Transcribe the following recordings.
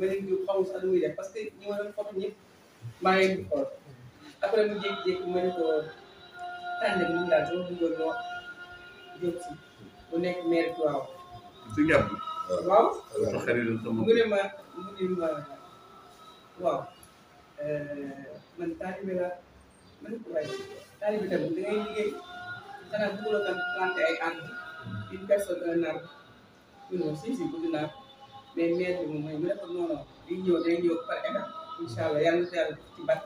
Malick Diop xamul sax lu muy def parce que ñi ma doon xool ñëpp maa ngi leen di xool après mu jékki-jékki ma ne ko tànn bi ñu daal dama bëggoon moo Diop si mu nekk maire bi waaw. si ñaar bi. waaw waaw xarit la sama. mu ne ma mu ne ma waaw euh, man taalibe la ma ne ko waaye taalibe tamit da ngay liggéey xanaa bëgg la tam planté ay arbre une personne un arbre. non si si bëgg naa mais maire bi moom mooy mu ne ko non may ma ñaanal ma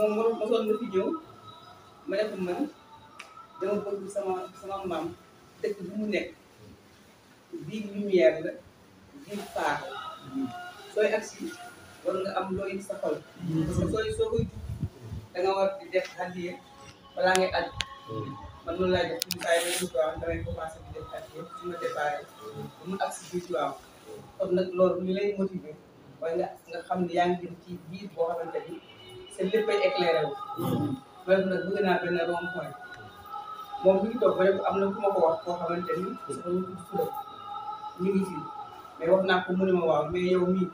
moom moo mosoon fi ñëw ma ne ko man dama bëgg sama sama maam dëkk bu mu nekk biir lumière la biir faax sooy agsi war nga am looy sa xol parce que sooy soo koy jug da war di def addiye balaa ngay aj man noonu laay ma déparé ba mu agsi biir waaw kon nag loolu li lay motivé waaye nga nga xam ne yaa ngi jëm ci biir boo xamante ni sa léppay éclairé wu loolu nag bëgg naa benn rond moom bi ñu toog am na ku ma ko wax koo xamante ni sama ñu ngi fi mais wax naa ko mu ne ma waaw mais yow mii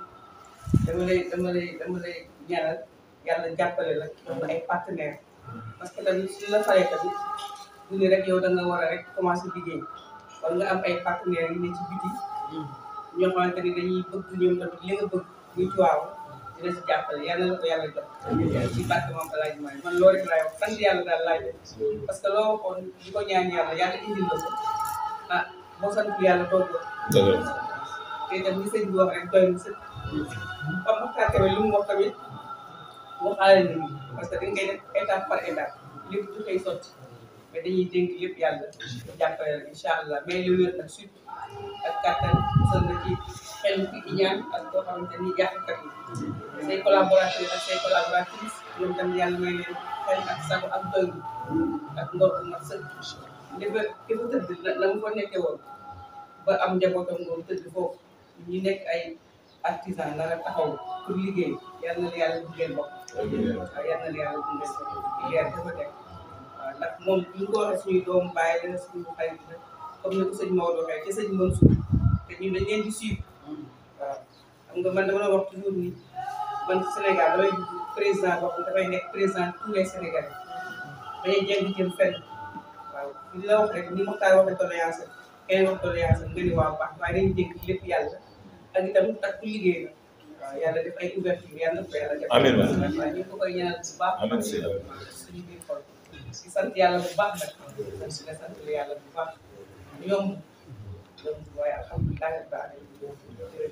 dama lay dama lay dama yàlla jàppale la jox ay partenaire parce que tamit suñu la falee tamit da nga war rek commencé liggéey war nga am ay partenaires yu ne ci biti ñoo xamante ni dañuy bëgg ñoom tamit yàlla ci barke moom Alaaji Maay man loolu rek laay wax sant yàlla daal laaj parce que loo waxoon di ko ñaan yàlla yàlla indil la ko ah boo sant yàlla toog te itam li sëñ bi wax rek doy na sëkk comme Mokhtar Kébé li mu wax tamit waxaale nañu parce que dañ koy def étape par étape lépp du koy sotti mais dañuy dénk lépp yàlla jàppale la incha allah mais li wér nag suite ak kàttan sën na ci xel ki ñaan ak koo xamante ni jàppkat yi say collaborateur ak say collaboratrice ñoom tam yàlla may leen xel ak sago ak doylu ak ngor bu mat sëkk dafa dafa tëdd la mu fa nekkee woon ba am njabootam moom tëdd foofu ñi nekk ay artisan nar a taxaw pour liggéey yal na yàlla dundal bopp. waaw yal na yàlla dundal bopp leer dafa teg waaw ndax moom ñu ko waxee suñuy doomu bàyyi dana suñu xarit la comme ni ko sëñ Maodo waxee ca sëñ Mansour te ñun dañ leen di suivre waaw xam nga man dama la wax toujours ni président nekk président tous les Sénégalais bañ a jéggi waaw li la wax rek ni Mokhtar waxee doléance la. ngay wax tolérance nga ni waaw baax waaye dañu dégg lépp yàlla ak itam tax ku liggéey la waaw yàlla def ay ouverture yàlla na ko yàlla def. amiin waaw ñu ko koy ñaanal bu baax. amiin si suñu biir xol si sant yàlla bu baax nag. kon si la sant yàlla bu baax. ñoom. donc waaye alhamdulilah rabbil alamin